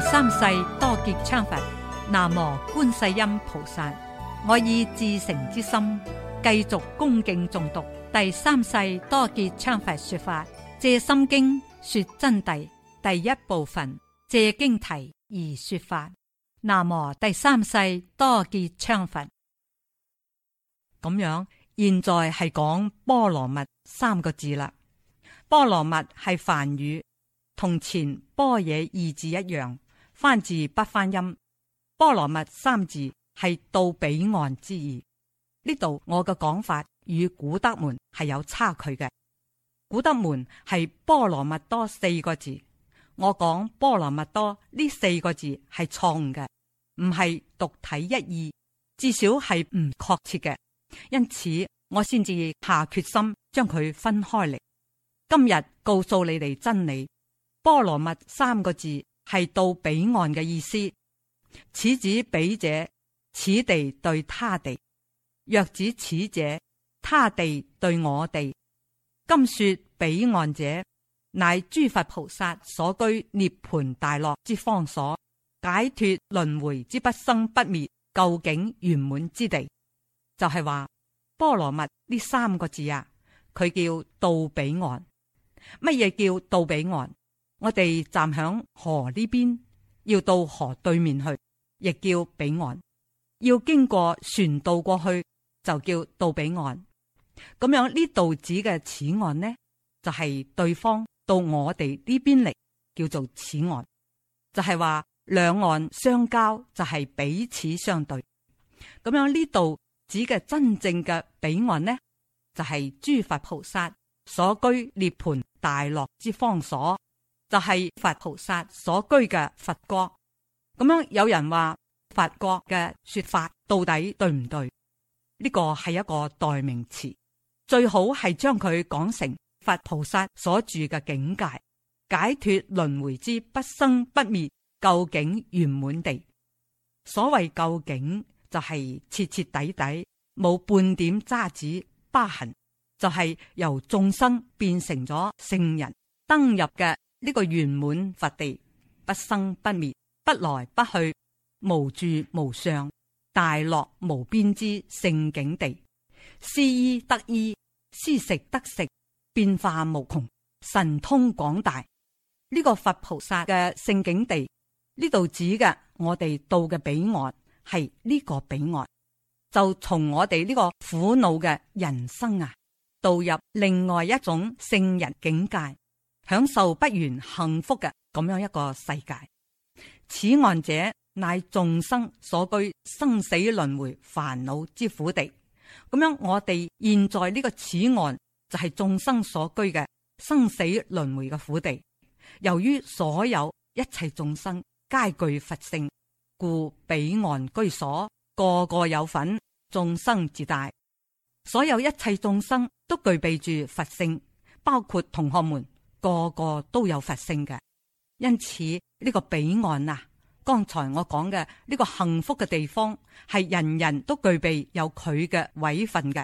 第三世多杰羌佛，南無觀世音菩薩。我以至誠之心，繼續恭敬誦讀第三世多杰羌佛說法《藉心經》說真諦第一部分《藉經題》而說法。南無第三世多杰羌佛。咁樣，現在係講波羅蜜三個字啦。波羅蜜係梵語，同前般若二字一樣。翻字不翻音，波羅蜜三字係到彼岸之意。呢度我嘅講法與古德門係有差距嘅。古德門係波羅蜜多四個字，我講波羅蜜多呢四個字係錯誤嘅，唔係獨體一意，至少係唔確切嘅。因此我先至下決心將佢分開嚟。今日告訴你哋真理，波羅蜜三個字。係到彼岸嘅意思，此指彼者，此地對他地；若指此者，他地對我地。今說彼岸者，乃諸佛菩薩所居涅槃大樂之方所，解脫輪回之不生不滅究竟圓滿之地。就係、是、話《波羅蜜》呢三個字啊，佢叫到彼岸。乜嘢叫到彼岸？我哋站響河呢邊，要到河對面去，亦叫彼岸；要經過船渡過去，就叫到彼岸。咁樣呢度指嘅此岸呢，就係對方到我哋呢邊嚟，叫做此岸。就係話兩岸相交，就係彼此相對。咁樣呢度指嘅真正嘅彼岸呢，就係諸佛菩薩所居涅槃大樂之方所。就係佛菩薩所居嘅佛國，咁樣有人話佛國嘅說法到底對唔對？呢、這個係一個代名詞，最好係將佢講成佛菩薩所住嘅境界，解脱輪迴之不生不滅，究竟圓滿地。所謂究竟就係徹徹底底冇半點渣滓疤痕，就係、是、由眾生變成咗聖人登入嘅。呢個圓滿佛地，不生不滅，不來不去，無住無相，大樂無邊之聖境地，思衣得衣，思食得食，變化無窮，神通廣大。呢、這個佛菩薩嘅聖境地，呢度指嘅我哋到嘅彼岸係呢個彼岸，就從我哋呢個苦惱嘅人生啊，導入另外一種聖人境界。享受不完幸福嘅咁樣一個世界，此岸者乃眾生所居生死輪回煩惱之苦地。咁樣我哋現在呢個此岸就係眾生所居嘅生死輪回嘅苦地。由於所有一切眾生皆具佛性，故彼岸居所個個有份。眾生自大，所有一切眾生都具備住佛性，包括同學們。個個都有佛性嘅，因此呢、這個彼岸啊，剛才我講嘅呢、這個幸福嘅地方，係人人都具備有佢嘅位份嘅，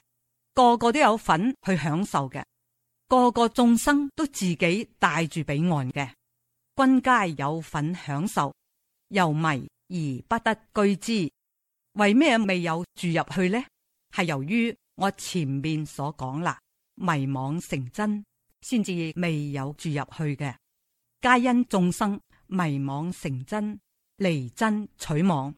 個個都有份去享受嘅，個個眾生都自己帶住彼岸嘅，均皆有份享受，又迷而不得居之，為咩未有住入去呢？係由於我前面所講啦，迷惘成真。先至未有住入去嘅，皆因眾生迷惘成真，離真取妄，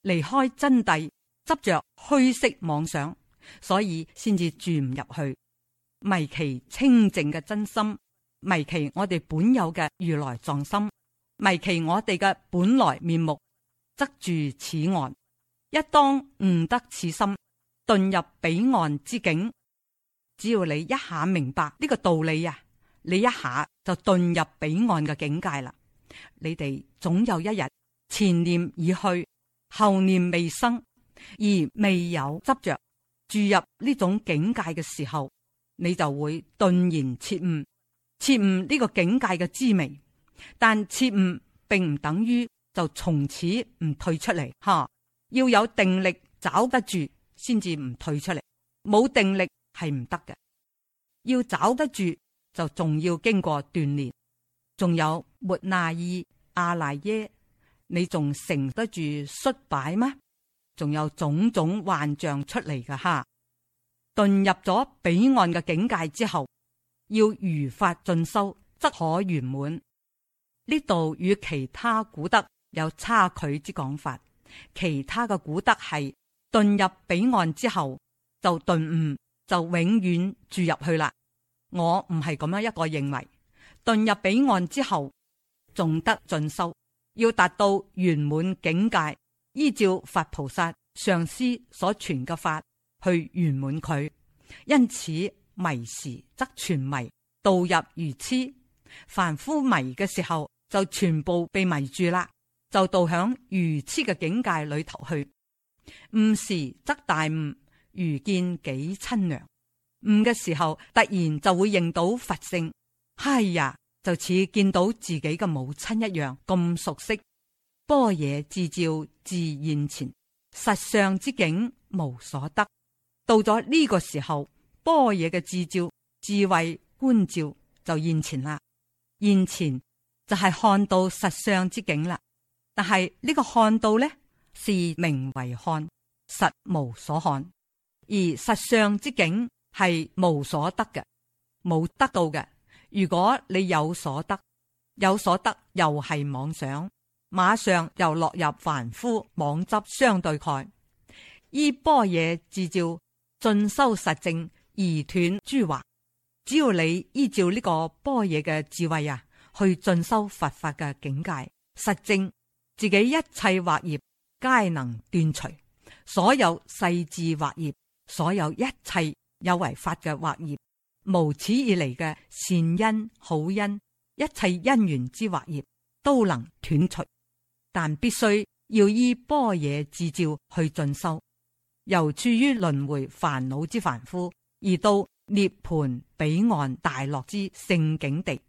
離開真諦，執着虛色妄想，所以先至住唔入去。迷其清淨嘅真心，迷其我哋本有嘅如來藏心，迷其我哋嘅本來面目，執住此岸。一當悟得此心，遁入彼岸之境。只要你一下明白呢個道理啊，你一下就遁入彼岸嘅境界啦。你哋總有一日前念已去，後念未生，而未有執着住入呢種境界嘅時候，你就會頓然徹悟，徹悟呢個境界嘅滋味。但徹悟並唔等於就從此唔退出嚟，吓要有定力抓得住，先至唔退出嚟。冇定力。係唔得嘅，要找得住就仲要經過鍛煉。仲有末那意阿賴耶，你仲承得住摔擺咩？仲有種種幻象出嚟嘅哈。遁入咗彼岸嘅境界之後，要如法進修，則可圓滿。呢度與其他古德有差距之講法，其他嘅古德係遁入彼岸之後就頓悟，就永遠住入去啦。我唔係咁樣一個認為，遁入彼岸之後仲得進修，要達到圓滿境界，依照佛菩薩上師所傳嘅法去圓滿佢。因此迷時則全迷，墮入愚痴；凡夫迷嘅時候就全部被迷住啦，就墮響愚痴嘅境界裏頭去。悟時則大悟。如見己親娘，悟嘅時候突然就會認到佛性，係、哎、呀，就似見到自己嘅母親一樣咁熟悉。般若自照自現前，實相之境無所得。到咗呢個時候，般若嘅自照智慧觀照就現前啦。現前就係、是、看到實相之境啦，但係呢個看到呢，是名為看，實無所看。而實相之境係無所得嘅，冇得到嘅。如果你有所得，有所得又係妄想，馬上又落入凡夫妄執相對蓋。依般若智照進修實證而斷諸惑。只要你依照呢個般若嘅智慧啊，去進修佛法嘅境界實證，自己一切惑業皆能斷除，所有細緻惑業。所有一切有違法嘅惑業，無始以嚟嘅善因、好因，一切因緣之惑業都能斷除，但必須要依般若自照去進修，由處於輪回煩惱之凡夫，而到涅槃彼岸大樂之聖境地。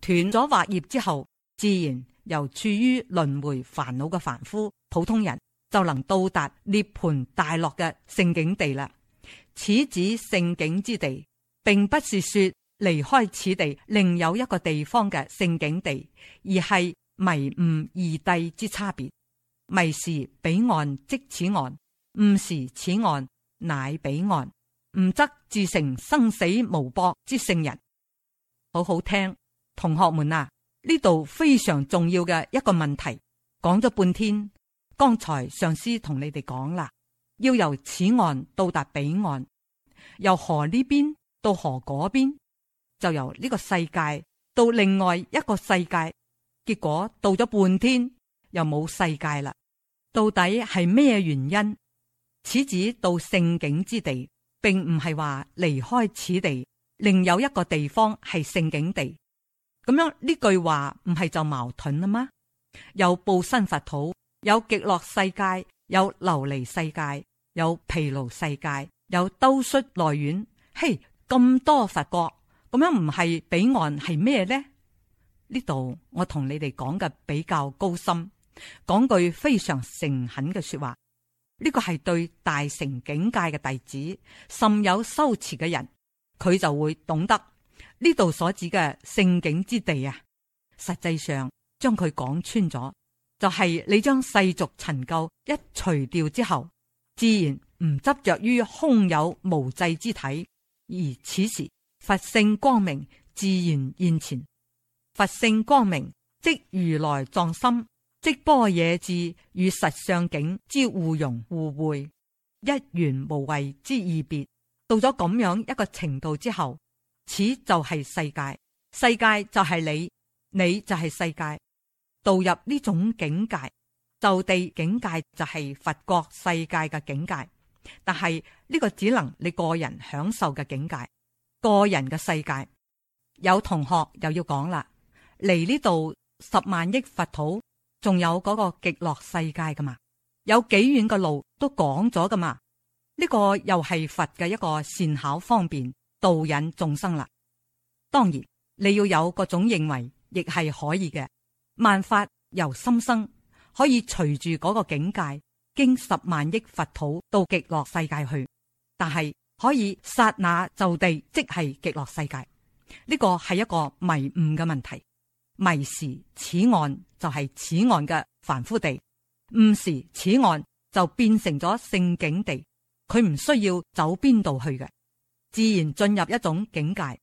斷咗惑業之後，自然由處於輪回煩惱嘅凡夫、普通人。就能到達涅盤大樂嘅聖境地啦。此指聖境之地，並不是說離開此地另有一個地方嘅聖境地，而係迷悟二諦之差別。迷是彼岸即此岸，悟是此岸乃彼岸，悟則自成生死無搏之聖人。好好聽，同學們啊，呢度非常重要嘅一個問題，講咗半天。剛才上司同你哋講啦，要由此岸到達彼岸，由河呢邊到河嗰邊，就由呢個世界到另外一個世界。結果到咗半天又冇世界啦，到底係咩原因？此指到聖境之地，並唔係話離開此地，另有一個地方係聖境地。咁樣呢句話唔係就矛盾啦嗎？又報身佛土。有極樂世界，有琉璃世界，有疲勞世界，有兜率內院。嘿，咁多佛國，咁樣唔係彼岸係咩呢？呢度我同你哋講嘅比較高深，講句非常誠懇嘅說話，呢、這個係對大乘境界嘅弟子，甚有修持嘅人，佢就會懂得呢度所指嘅聖境之地啊。實際上將佢講穿咗。就係你將世俗塵垢一除掉之後，自然唔執着於空有無際之體，而此時佛性光明自然現前。佛性光明即如來藏心，即般若智與實相境之互融互會，一元無為之異別。到咗咁樣一個程度之後，此就係世界，世界就係你，你就係世界。度入呢種境界，就地境界就係佛國世界嘅境界，但係呢個只能你個人享受嘅境界，個人嘅世界。有同學又要講啦，嚟呢度十萬億佛土，仲有嗰個極樂世界噶嘛？有幾遠嘅路都講咗噶嘛？呢、這個又係佛嘅一個善巧方便導引眾生啦。當然你要有各種認為，亦係可以嘅。萬法由心生，可以隨住嗰個境界，經十萬億佛土到極樂世界去，但係可以剎那就地即係極樂世界。呢個係一個迷誤嘅問題。迷時此岸就係此岸嘅凡夫地，誤時此岸就變成咗聖境地。佢唔需要走邊度去嘅，自然進入一種境界。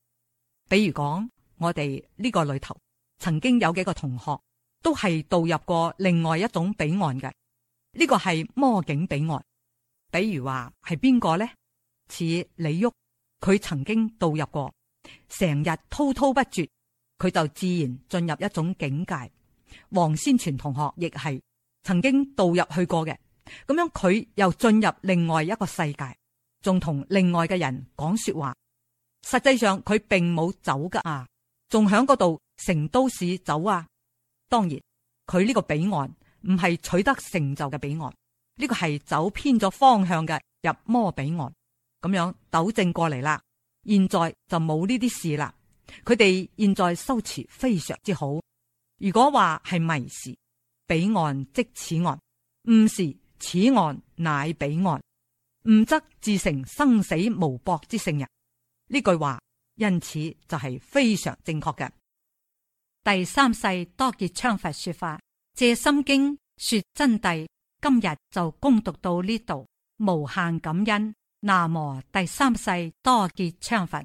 比如講，我哋呢個裏頭曾經有幾個同學。都係導入過另外一種彼岸嘅，呢個係魔境彼岸。比如話係邊個呢？似李旭，佢曾經導入過，成日滔滔不絕，佢就自然進入一種境界。黃先泉同學亦係曾經導入去過嘅，咁樣佢又進入另外一個世界，仲同另外嘅人講說話。實際上佢並冇走噶啊，仲響嗰度成都市走啊。當然，佢呢個彼岸唔係取得成就嘅彼岸，呢、這個係走偏咗方向嘅入魔彼岸。咁樣糾正過嚟啦，現在就冇呢啲事啦。佢哋現在修持非常之好。如果話係迷時，彼岸即此岸；悟時，此岸乃彼岸。悟則自成生死無縛之聖人。呢句話因此就係非常正確嘅。第三世多杰羌佛說法《藉心經》說真諦，今日就恭讀到呢度，無限感恩。南無第三世多杰羌佛。